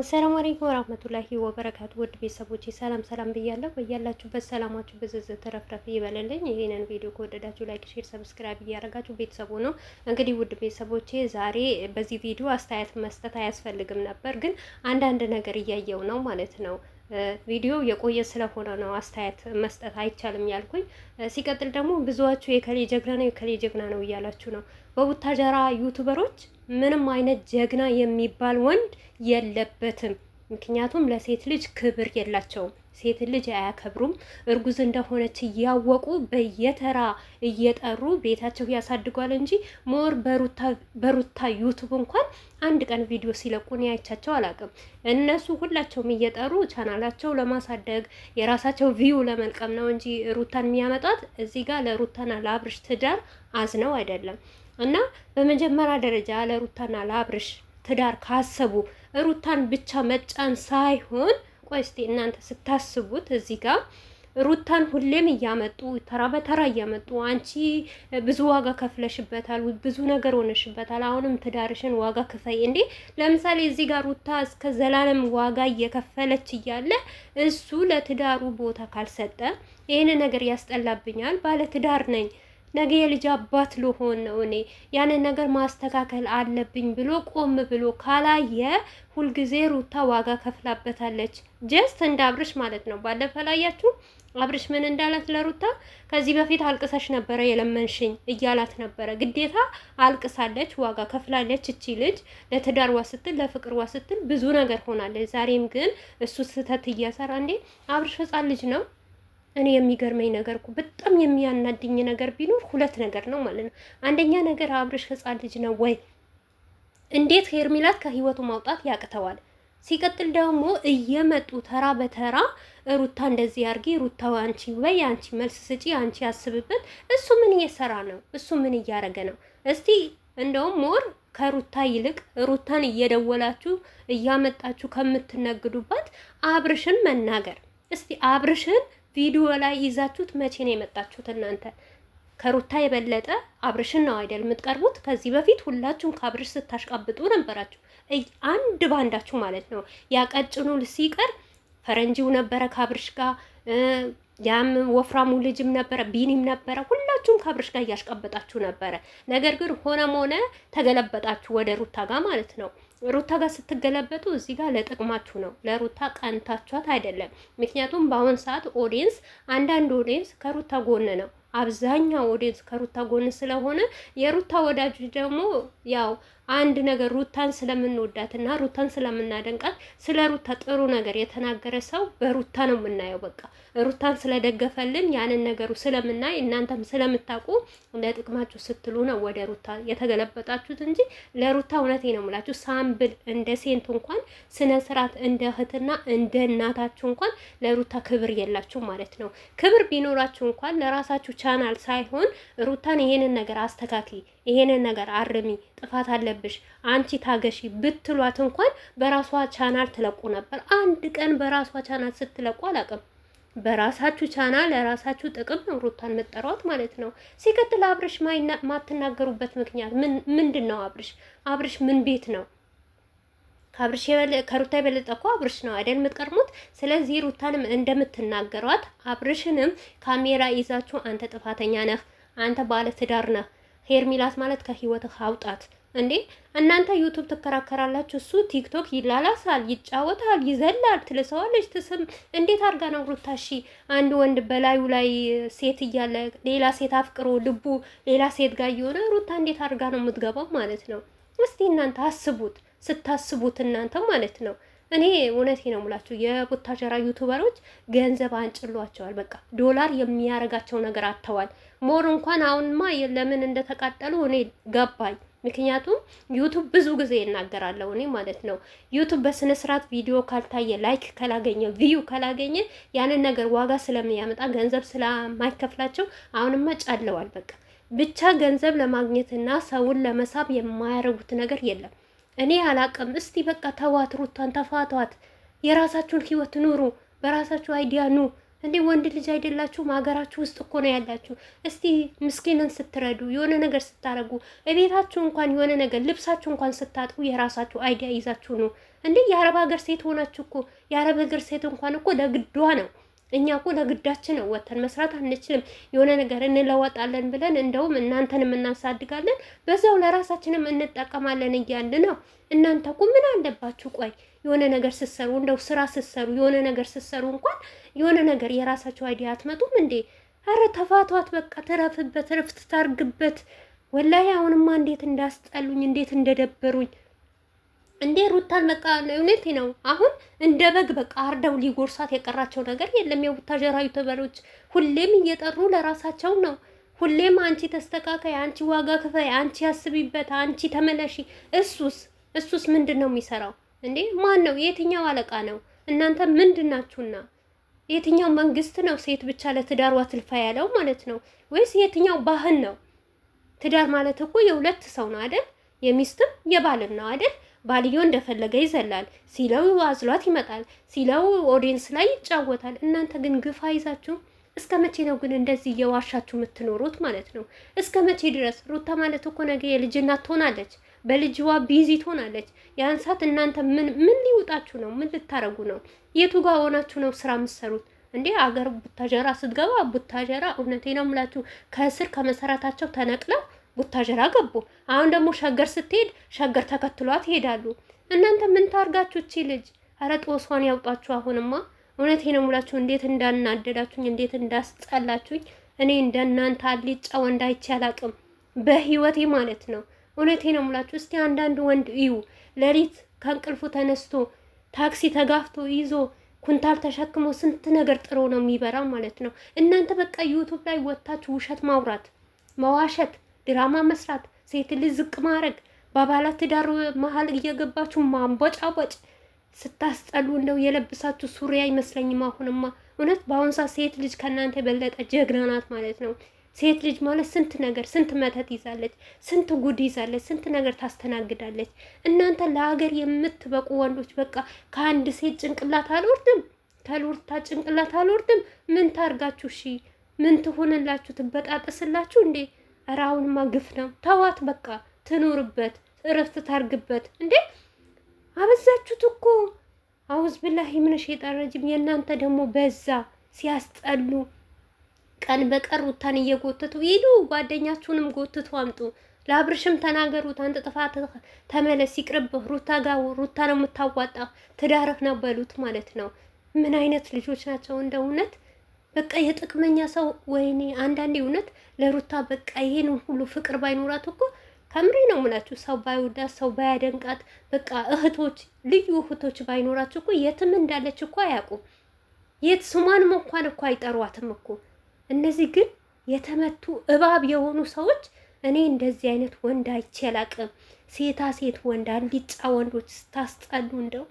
አሰላሙ አለይኩም ወራህመቱላሂ ወበረካቱ። ውድ ቤተሰቦቼ ሰላም ሰላም ብያለሁ። በያላችሁበት ሰላማችሁ ብዝዝ ተረፍረፍ ይበለልኝ። ይህንን ቪዲዮ ከወደዳችሁ ላይክ፣ ሼር፣ ሰብስክራይብ እያደረጋችሁ ቤተሰቡ ነው። እንግዲህ ውድ ቤተሰቦቼ ዛሬ በዚህ ቪዲዮ አስተያየት መስጠት አያስፈልግም ነበር፣ ግን አንዳንድ ነገር እያየው ነው ማለት ነው። ቪዲዮ የቆየ ስለሆነ ነው አስተያየት መስጠት አይቻልም ያልኩኝ። ሲቀጥል ደግሞ ብዙዎቹ የከሌ ጀግና ነው የከሌ ጀግና ነው እያላችሁ ነው በቡታጀራ ዩቱበሮች ምንም አይነት ጀግና የሚባል ወንድ የለበትም። ምክንያቱም ለሴት ልጅ ክብር የላቸውም። ሴት ልጅ አያከብሩም። እርጉዝ እንደሆነች እያወቁ በየተራ እየጠሩ ቤታቸው ያሳድጓል እንጂ ሞር በሩታ ዩቱብ እንኳን አንድ ቀን ቪዲዮ ሲለቁን ያይቻቸው አላውቅም። እነሱ ሁላቸውም እየጠሩ ቻናላቸው ለማሳደግ የራሳቸው ቪው ለመልቀም ነው እንጂ ሩታን የሚያመጣት እዚህ ጋር ለሩታና ለአብርሽ ትዳር አዝነው አይደለም። እና በመጀመሪያ ደረጃ ለሩታና ለአብርሽ ትዳር ካሰቡ ሩታን ብቻ መጫን ሳይሆን ቆይ እስቲ እናንተ ስታስቡት እዚህ ጋር ሩታን ሁሌም እያመጡ ተራ በተራ እያመጡ አንቺ ብዙ ዋጋ ከፍለሽበታል፣ ብዙ ነገር ሆነሽበታል፣ አሁንም ትዳርሽን ዋጋ ክፈይ እንዴ! ለምሳሌ እዚህ ጋር ሩታ እስከ ዘላለም ዋጋ እየከፈለች እያለ እሱ ለትዳሩ ቦታ ካልሰጠ ይህን ነገር ያስጠላብኛል፣ ባለ ትዳር ነኝ ነገ የልጅ አባት ልሆን ነው እኔ ያንን ነገር ማስተካከል አለብኝ ብሎ ቆም ብሎ ካላየ ሁልጊዜ ሩታ ዋጋ ከፍላበታለች። ጀስት እንደ አብርሽ ማለት ነው። ባለፈ ላያችሁ አብርሽ ምን እንዳላት ለሩታ ከዚህ በፊት አልቅሰሽ ነበረ የለመንሽኝ እያላት ነበረ። ግዴታ አልቅሳለች፣ ዋጋ ከፍላለች። እቺ ልጅ ለትዳርዋ ስትል ለፍቅርዋ ስትል ብዙ ነገር ሆናለች። ዛሬም ግን እሱ ስህተት እያሰራ እንዴ አብርሽ ህጻን ልጅ ነው እኔ የሚገርመኝ ነገር እኮ በጣም የሚያናድኝ ነገር ቢኖር ሁለት ነገር ነው ማለት ነው። አንደኛ ነገር አብርሽ ህፃን ልጅ ነው ወይ? እንዴት ሄርሚላት ከህይወቱ ማውጣት ያቅተዋል? ሲቀጥል ደግሞ እየመጡ ተራ በተራ ሩታ እንደዚህ አርጊ፣ ሩታ አንቺ በይ፣ አንቺ መልስ ስጪ፣ አንቺ ያስብበት። እሱ ምን እየሰራ ነው? እሱ ምን እያደረገ ነው? እስቲ እንደውም ሞር ከሩታ ይልቅ ሩታን እየደወላችሁ እያመጣችሁ ከምትነግዱባት አብርሽን መናገር እስቲ አብርሽን ቪዲዮ ላይ ይዛችሁት መቼ ነው የመጣችሁት እናንተ? ከሩታ የበለጠ አብርሽን ነው አይደል የምትቀርቡት? ከዚህ በፊት ሁላችሁም ከአብርሽ ስታሽቃብጡ ነበራችሁ፣ አንድ ባንዳችሁ ማለት ነው። ያቀጭኑ ሲቀር ፈረንጂው ነበረ ከአብርሽ ጋር፣ ያም ወፍራሙ ልጅም ነበረ፣ ቢኒም ነበረ። ሁላችሁም ከአብርሽ ጋር እያሽቃበጣችሁ ነበረ። ነገር ግን ሆነም ሆነ ተገለበጣችሁ ወደ ሩታ ጋር ማለት ነው። ሩታ ጋር ስትገለበጡ እዚህ ጋር ለጥቅማችሁ ነው፣ ለሩታ ቀንታችኋት አይደለም። ምክንያቱም በአሁን ሰዓት ኦዲየንስ፣ አንዳንድ ኦዲየንስ ከሩታ ጎን ነው፣ አብዛኛው ኦዲየንስ ከሩታ ጎን ስለሆነ የሩታ ወዳጅ ደግሞ ያው አንድ ነገር ሩታን ስለምንወዳትና ሩታን ስለምናደንቃት ስለ ሩታ ጥሩ ነገር የተናገረ ሰው በሩታ ነው የምናየው። በቃ ሩታን ስለደገፈልን ያንን ነገሩ ስለምናይ እናንተም ስለምታውቁ ለጥቅማችሁ ስትሉ ነው ወደ ሩታ የተገለበጣችሁት እንጂ ለሩታ እውነቴ ነው የምላችሁ ሳምብል እንደ ሴንቱ እንኳን ስነ ስርዓት እንደ እህትና እንደ እናታችሁ እንኳን ለሩታ ክብር የላችሁ ማለት ነው። ክብር ቢኖራችሁ እንኳን ለራሳችሁ ቻናል ሳይሆን ሩታን ይሄንን ነገር አስተካክይ ይሄንን ነገር አርሚ፣ ጥፋት አለብሽ፣ አንቺ ታገሺ ብትሏት እንኳን በራሷ ቻናል ትለቁ ነበር። አንድ ቀን በራሷ ቻናል ስትለቁ አላውቅም። በራሳችሁ ቻናል ለራሳችሁ ጥቅም ነው ሩታን መጠሯት ማለት ነው። ሲቀጥል አብርሽ ማትናገሩበት ምክንያት ምንድን ነው? አብርሽ አብርሽ ምን ቤት ነው? ከአብርሽ ከሩታ የበለጠ እኮ አብርሽ ነው አይደል የምትቀርሙት። ስለዚህ ሩታንም እንደምትናገሯት አብርሽንም ካሜራ ይዛችሁ አንተ ጥፋተኛ ነህ፣ አንተ ባለ ትዳር ነህ ሄርሚላስ ማለት ከህይወትህ አውጣት እንዴ! እናንተ ዩቱብ ትከራከራላችሁ፣ እሱ ቲክቶክ ይላላሳል፣ ይጫወታል፣ ይዘላል፣ ትልሰዋለች፣ ትስም። እንዴት አድርጋ ነው ሩታሺ አንድ ወንድ በላዩ ላይ ሴት እያለ ሌላ ሴት አፍቅሮ ልቡ ሌላ ሴት ጋር እየሆነ ሩታ እንዴት አድርጋ ነው የምትገባው ማለት ነው? እስቲ እናንተ አስቡት፣ ስታስቡት እናንተ ማለት ነው እኔ እውነቴ ነው ሙላችሁ የቡታጀራ ዩቱበሮች ገንዘብ አንጭሏቸዋል። በቃ ዶላር የሚያረጋቸው ነገር አጥተዋል። ሞር እንኳን አሁንማ ለምን እንደተቃጠሉ እኔ ገባኝ። ምክንያቱም ዩቱብ ብዙ ጊዜ እናገራለሁ እኔ ማለት ነው። ዩቱብ በስነ ስርዓት ቪዲዮ ካልታየ፣ ላይክ ካላገኘ፣ ቪዩ ካላገኘ ያንን ነገር ዋጋ ስለሚያመጣ ገንዘብ ስለማይከፍላቸው አሁንማ ጫለዋል በቃ ብቻ ገንዘብ ለማግኘትና ሰውን ለመሳብ የማያረጉት ነገር የለም። እኔ አላቅም። እስቲ በቃ ተዋት፣ ሩቷን ተፋቷት፣ የራሳችሁን ህይወት ኑሩ፣ በራሳችሁ አይዲያ ኑ። እንዴ ወንድ ልጅ አይደላችሁም? ሀገራችሁ ውስጥ እኮ ነው ያላችሁ። እስቲ ምስኪንን ስትረዱ የሆነ ነገር ስታረጉ እቤታችሁ እንኳን የሆነ ነገር ልብሳችሁ እንኳን ስታጥቡ የራሳችሁ አይዲያ ይዛችሁ ነው እንዴ። የአረብ ሀገር ሴት ሆናችሁ እኮ የአረብ ሀገር ሴት እንኳን እኮ ለግዷ ነው እኛ እኮ ለግዳችን ነው ወተን መስራት አንችልም። የሆነ ነገር እንለወጣለን ብለን እንደውም እናንተንም እናሳድጋለን፣ በዛው ለራሳችንም እንጠቀማለን እያል ነው። እናንተ እኮ ምን አለባችሁ? ቆይ የሆነ ነገር ስትሰሩ እንደው ስራ ስትሰሩ የሆነ ነገር ስትሰሩ እንኳን የሆነ ነገር የራሳችሁ አይዲያ አትመጡም እንዴ? አረ ተፋቷት፣ በቃ ትረፍበት፣ ረፍት ታርግበት። ወላሂ አሁንማ እንዴት እንዳስጠሉኝ፣ እንዴት እንደደበሩኝ እንዴ ሩታን በቃ እውነቴ ነው። አሁን እንደ በግ በቃ አርደው ሊጎርሳት የቀራቸው ነገር የለም። ጀራዩ ዩቱበሮች ሁሌም እየጠሩ ለራሳቸው ነው። ሁሌም አንቺ ተስተካካይ፣ አንቺ ዋጋ ክፈይ፣ አንቺ ያስቢበት፣ አንቺ ተመለሺ። እሱስ እሱስ ምንድን ነው የሚሰራው እንዴ? ማን ነው? የትኛው አለቃ ነው? እናንተ ምንድን ናችሁና? የትኛው መንግስት ነው ሴት ብቻ ለትዳር ትልፋ ያለው ማለት ነው? ወይስ የትኛው ባህል ነው? ትዳር ማለት እኮ የሁለት ሰው ነው አይደል? የሚስትም የባልም ነው አይደል? ባልየው እንደፈለገ ይዘላል ሲለው አዝሏት ይመጣል ሲለው ኦዲየንስ ላይ ይጫወታል። እናንተ ግን ግፋ ይዛችሁ እስከ መቼ ነው ግን እንደዚህ እየዋሻችሁ የምትኖሩት ማለት ነው? እስከ መቼ ድረስ? ሩታ ማለት እኮ ነገ የልጅ እናት ትሆናለች፣ በልጅዋ ቢዚ ትሆናለች። ያን ሰዓት እናንተ ምን ምን ሊውጣችሁ ነው? ምን ልታረጉ ነው? የቱ ጋር ሆናችሁ ነው ስራ የምትሰሩት? እንዴ አገር ቡታጀራ ስትገባ ቡታጀራ፣ እውነቴ ነው የምላችሁ ከእስር ከመሰረታቸው ተነቅለው ቡታጀራ ገቡ። አሁን ደግሞ ሸገር ስትሄድ ሸገር ተከትሏት ይሄዳሉ። እናንተ ምን ታርጋችሁ? እቺ ልጅ ኧረ ጦሷን ያውጣችሁ። አሁንማ እውነቴ ነው ሙላችሁ እንዴት እንዳናደዳችሁኝ፣ እንዴት እንዳስጠላችሁኝ። እኔ እንደናንተ አልጫ ወንድ አይቼ አላቅም በህይወቴ ማለት ነው። እውነቴ ነው ሙላችሁ። እስቲ አንዳንድ ወንድ እዩ፣ ሌሊት ከእንቅልፉ ተነስቶ ታክሲ ተጋፍቶ ይዞ ኩንታል ተሸክሞ ስንት ነገር ጥሮ ነው የሚበራ ማለት ነው። እናንተ በቃ ዩቱብ ላይ ወጥታችሁ ውሸት ማውራት መዋሸት ድራማ መስራት፣ ሴት ልጅ ዝቅ ማድረግ፣ በባላት ትዳር መሀል እየገባችሁ ማንቦጫቦጭ ስታስጠሉ እንደው የለብሳችሁ ሱሪ አይመስለኝም። አሁንማ እውነት በአሁኑ ሰዓት ሴት ልጅ ከእናንተ የበለጠ ጀግና ናት ማለት ነው። ሴት ልጅ ማለት ስንት ነገር ስንት መተት ይዛለች፣ ስንት ጉድ ይዛለች፣ ስንት ነገር ታስተናግዳለች። እናንተ ለሀገር የምትበቁ ወንዶች በቃ ከአንድ ሴት ጭንቅላት አልወርድም፣ ከሉርታ ጭንቅላት አልወርድም። ምን ታርጋችሁ? እሺ ምን ትሆንላችሁ? ትበጣጠስላችሁ እንዴ? ኧረ አሁንማ ግፍ ነው። ተዋት በቃ ትኑርበት፣ እረፍት ታርግበት። እንዴ አበዛችሁት እኮ አውዝ ብላሂ ምን ሸይጣን ረጅም። የእናንተ ደግሞ በዛ ሲያስጠሉ። ቀን በቀን ሩታን እየጎተቱ ሂዱ፣ ጓደኛችሁንም ጎትቱ አምጡ። ለአብርሽም ተናገሩት፣ አንተ ጥፋት ተመለስ፣ ይቅርብህ። ሩታ ጋር ሩታ ነው የምታዋጣ ትዳርህ ነው በሉት ማለት ነው። ምን አይነት ልጆች ናቸው እንደ እውነት በቃ የጥቅመኛ ሰው ወይኔ። አንዳንዴ እውነት ለሩታ በቃ ይሄን ሁሉ ፍቅር ባይኖራት እኮ ከምሬ ነው የምላችሁ ሰው ባይወዳት ሰው ባያደንቃት በቃ እህቶች ልዩ እህቶች ባይኖራችሁ እኮ የትም እንዳለች እኮ አያውቁም። የት ስሟንም እንኳን እኮ አይጠሯትም እኮ። እነዚህ ግን የተመቱ እባብ የሆኑ ሰዎች እኔ እንደዚህ አይነት ወንድ አይቼ አላቅም። ሴታ ሴት ወንድ አልጫ ወንዶች ስታስጠሉ እንደው